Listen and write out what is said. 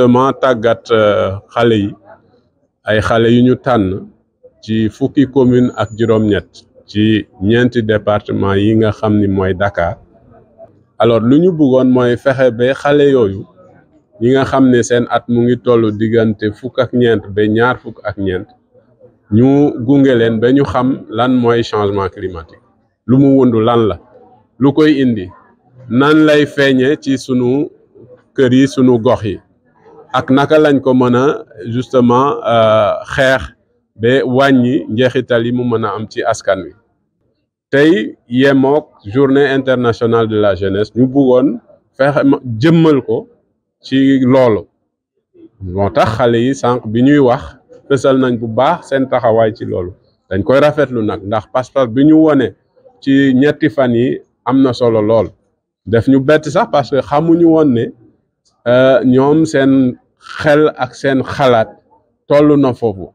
justement tàggat euh, xale yi ay xale yu ñu tànn ci fukki commune ak juróom-ñett ci ñeenti département yi nga xam ni mooy Dakar alors lu ñu bëggoon mooy fexe ba xale yooyu ñi nga xam ne seen at mu ngi toll diggante fukk ak ñeent ba ñaar fukk ak ñeent ñu gunge leen ba ñu xam lan mooy changement climatique lu mu wundu lan la lu koy indi nan lay feeñee ci sunu kër yi sunu gox yi ak naka lañ ko mën a justement euh, xeex ba wàññi njeexital yi mu mën a am ci askan wi tey yemook journée international de la jeunesse ñu bëggoon fexe jëmmal ko ci loolu moo tax xale yi sànq bi ñuy wax fësal nañ bu baax seen taxawaay ci loolu dañ koy rafetlu nag ndax passeport bi ñu wone ci ñetti fan yi am na solo lool def ñu bett sax parce que xamuñu woon ne euh, ñoom seen xel ak seen xalaat toll na foofu